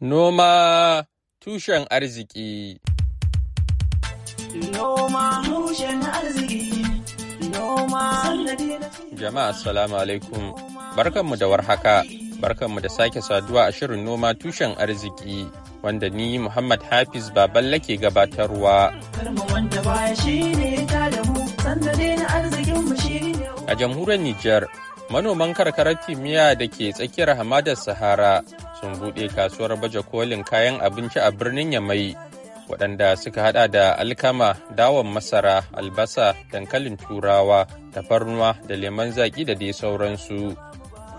Noma tushen arziki Jama'a Salamu alaikum barkanmu da warhaka barkanmu da sake saduwa a shirin noma tushen arziki wanda ni Muhammad Hafiz baban lake gabatarwa a jamhuriyar Nijar Manoman karkarar kimiyya da ke tsakiyar hamadar Sahara sun buɗe kasuwar baje kolin kayan abinci a birnin Yamai, waɗanda suka hada da alkama, dawon masara, albasa, dankalin turawa, tafarnuwa da lemon zaƙi da dai sauransu.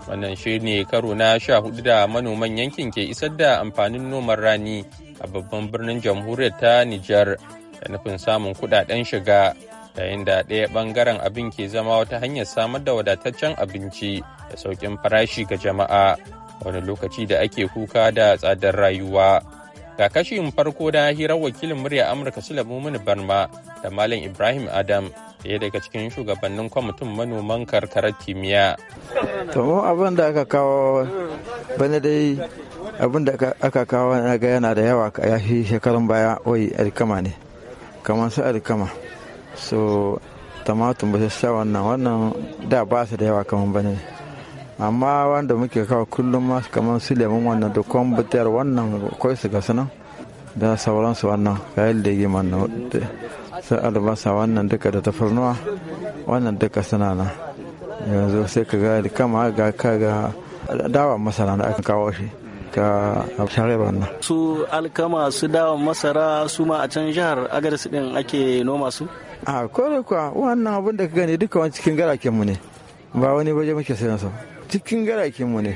Wannan shi ne karo na sha hudu da manoman yankin ke isar da amfanin noman rani a babban birnin jamhuriyar ta Nijar da nufin samun kuɗaɗen shiga. yayin da ɗaya ɓangaren abin ke zama wata hanyar samar da wadataccen abinci da sauƙin farashi ga jama'a wani lokaci da ake kuka da tsadar rayuwa ga kashin farko da hirar wakilin murya amurka sula mumini barma da malam ibrahim adam ɗaya daga cikin shugabannin kwamitin manoman karkarar kimiyya to abin da aka kawo bane dai abin da aka kawo na ga yana da yawa ya shekarun baya wai alkama ne kamar su alkama so tumatun sha wannan wannan da ba su da yawa kamar bane amma wanda muke kawo kullum ma kamar su lemun wannan da kwambutar wannan kawai su ga sunan da sauransu wannan kayan da yi mana su albasa wannan duka da tafarnuwa wannan duka suna nan yanzu sai ka ga kama ga ka ga dawa masana da aka kawo shi ka. sharebarna su alkama su dawa masara su ma a can jihar agadis din ake noma su a kore kuwa wannan abin da ka gani duka wani cikin gara mu ne ba wani waje muke sayan su cikin gara mu ne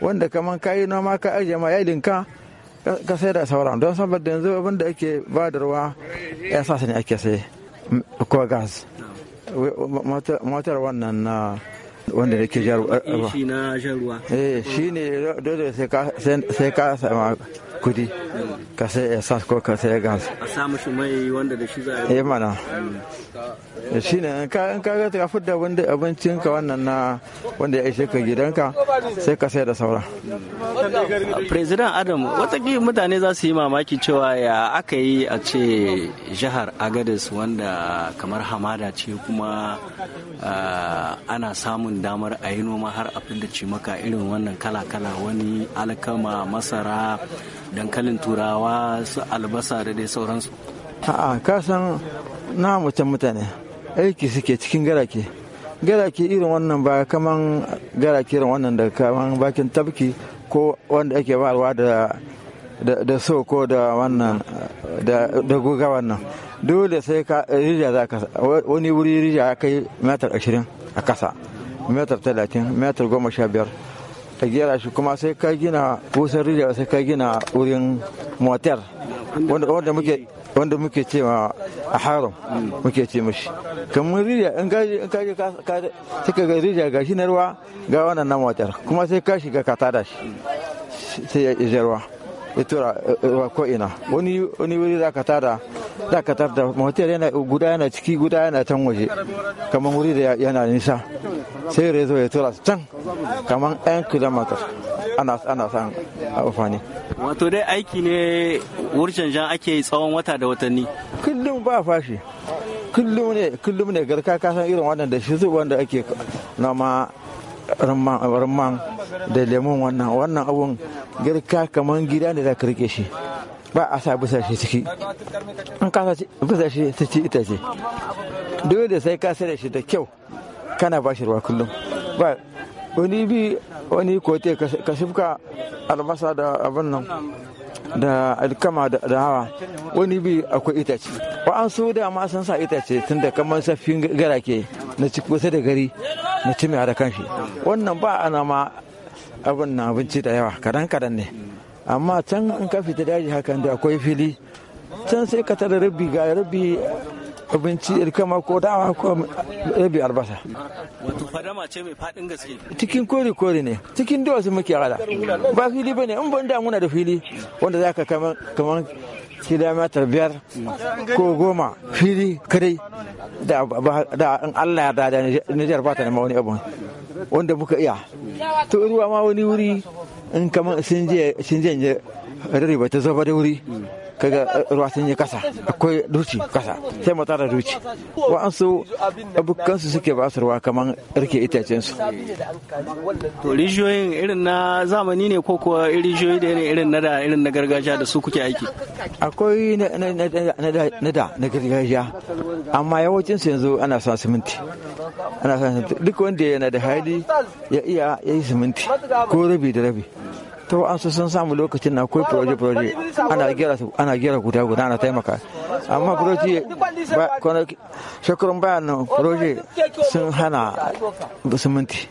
wanda kaman yi noma ka ajiye ma yalinka ka sai da sauran don saboda yanzu abin da ake badarwa ya sa ne ake sai ko gas motar wannan na wanda da ke jaruwa. Eh, shi na jaruwa. Eh ka ne dole sai ka sama kudi ka sai essence ko ka sai gas a samu shi mai wanda da shi za a yi eh, mana shi ne in ka ga ka fudda wanda abincin ka wannan na wanda ya ishe ka gidanka sai ka sai da saura president adam watakila mutane za su yi mamaki cewa ya aka yi a ce jihar agadis wanda kamar hamada ce kuma ah, ana samun damar a yi noma har abin da ci maka irin wannan kala-kala wani alkama masara dankalin turawa su albasa da dai sauransu a'a ka san na mutan mutane aiki suke cikin garake garake irin wannan ba kaman garake irin wannan da kaman bakin tabki ko wanda ake barwa da da so ko da wannan da guga wannan dole sai ka rija za ka wani wuri rija ya kai metar ashirin a kasa metar talatin metar goma ka gera shi kuma sai ka gina kusan rijiya sai ka gina wurin motar wanda muke ce ma a haram muke ce mashi kamar rijiya in gaji in kaji ka ga rijiya ga shi na ruwa ga wannan na motar kuma sai ka shiga ka tada shi sai ya ruwa ya tura ruwa ko ina wani wuri za ka tada dakatar da motar yana guda yana ciki guda yana can waje kamar wuri da yana nisa sai rezo ya tura can kamar 'yan kilomita ana ana san amfani wato dai aiki ne wurin jan ake tsawon wata da watanni kullum ba fashi kullum ne kullum ne garka kasan irin wannan da shi wanda ake nama rumman da lemon wannan wannan abun girka kamar gida ne za ka rike shi ba a sa busa shi ciki in ka busa shi ta ci ita ce dole sai ka sare shi da kyau kana ba shi ruwa kullum ba wani bi wani kote ka shifka albasa da abin nan da alkama da hawa wani bi akwai itace an so da ma san sa itace tun da kamar gara garake na ci kusa da gari na ci mai da kanshi wannan ba ana ma abin na abinci da yawa kadan kadan ne amma can in ka fita daji hakan da akwai fili can sai ka tara rabi ga rabi abinci kama ko dawa ko rabi albasa wato fadama ce mai fadin gaske cikin kori kori ne cikin su muke gada ba fili ba ne in ban damuna da fili wanda kaman ka kamar kilomita biyar ko goma fili kadai da in allah ya da nijar ba ta mawani wani abu wanda muka iya to ruwa ma wani wuri in kamar sun je rarriba ta zaba da wuri kaga eh, ruwa sun yi kasa akwai ruci kasa sai mata da ruci wa'ansu abokansu suke ba su ruwa kamar rike itacen su to rijiyoyin irin na zamani ne ko kuwa rijiyoyi da irin na da irin na gargajiya da su kuke aiki akwai na da na gargajiya amma yawancin su yanzu ana sa siminti ana sa siminti duk wanda yana da hali ya iya yayi siminti ko rabi da rabi to wa'ansu sun samu lokacin na akwai proje proje ana gera su ana gera guda guda ana taimaka amma proje shekarun bayan nan proje sun hana siminti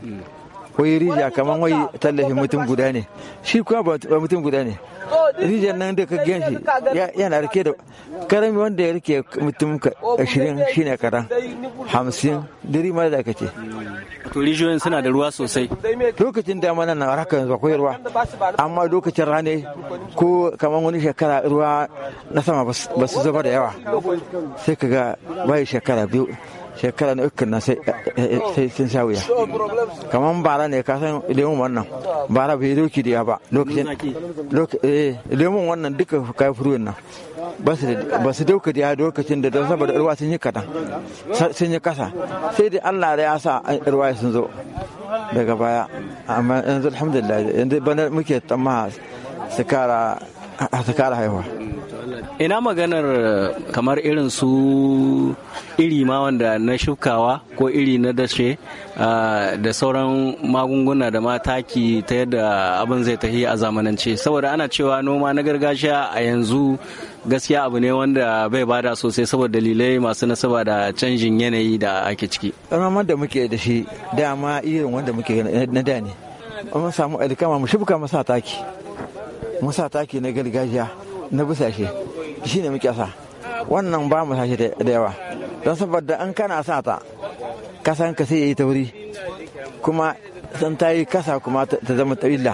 wai Rija kamar wai tallafin mutum guda ne shi kuma ba mutum guda ne rija nan da ka gan shi yana rike da karami wanda ya rike mutum ashirin shi ne karan hamsin diri ma da ka ce to rijiyoyin suna da ruwa sosai lokacin damana na raka yanzu akwai ruwa amma lokacin rane ko kamar wani shekara ruwa na sama ba su zuba da yawa sai ka ga bai shekara biyu shekara na ukun eh, eh, sai sun sha wuya kamar bara ne ka san lemun wannan bara bai doki da ba lokacin eh, lemun wannan duka kai furuwan nan ba su doka da lokacin da don saboda ruwa sun yi kaɗan sun yi kasa sai da allah da ya sa ruwa sun zo daga baya amma yanzu alhamdulillah yanzu bana muke tsamma su kara ta kara haihuwa ina maganar eh, kamar irin su iri ma wanda na shukawa ko iri na dashe eh, da sauran magunguna da mataki ta yadda abin zai tafi a zamanance saboda ana cewa noma na gargajiya a yanzu gaskiya abu ne wanda bai bada sosai saboda dalilai masu nasaba da canjin yanayi da ake ciki ramar da muke da shi dama irin wanda muke na da ne samu alkama mu shuka masa taki musa taki na gargajiya na busashe shi ne muke sa wannan ba mu sashi da yawa don saboda an kana sa ta kasan ka sai ya yi tauri kuma san ta yi kasa kuma ta zama illa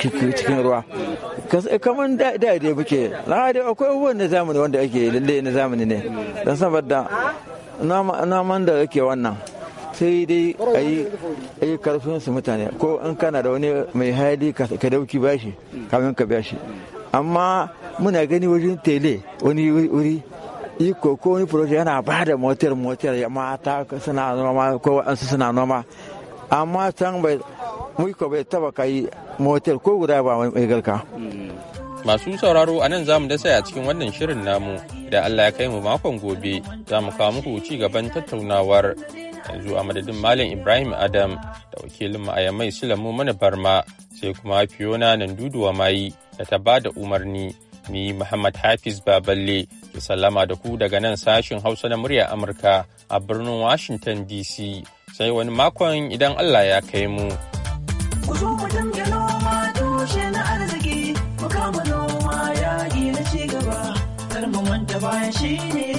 cikin ruwa kamar da da muke na da akwai abubuwan na zamani wanda ake lalle na zamani ne don saboda naman da ake wannan sai dai a yi karfin su mutane ko in kana da wani mai hali ka dauki bashi kamin ka bashi amma muna gani wajen tele wani wuri iko ko wani furoshi yana ba da motar motar ya mata suna noma ko waɗansu suna noma amma can bai muka bai taba kai motar ko guda ba mai garka Masu sauraro a nan zamu dasa a cikin wannan shirin namu da Allah ya kai mu makon gobe za mu kawo muku ci gaban tattaunawar yanzu a madadin Malam Ibrahim Adam da wakilin ayamai Sulamu mana barma sai kuma Fiona duduwa mai da ta ba da umarni ni Muhammad Hafiz Baballe ke sallama da ku daga nan sashin Hausa na murya Amurka a birnin Washington DC sai wani makon idan Allah ya kai mu. she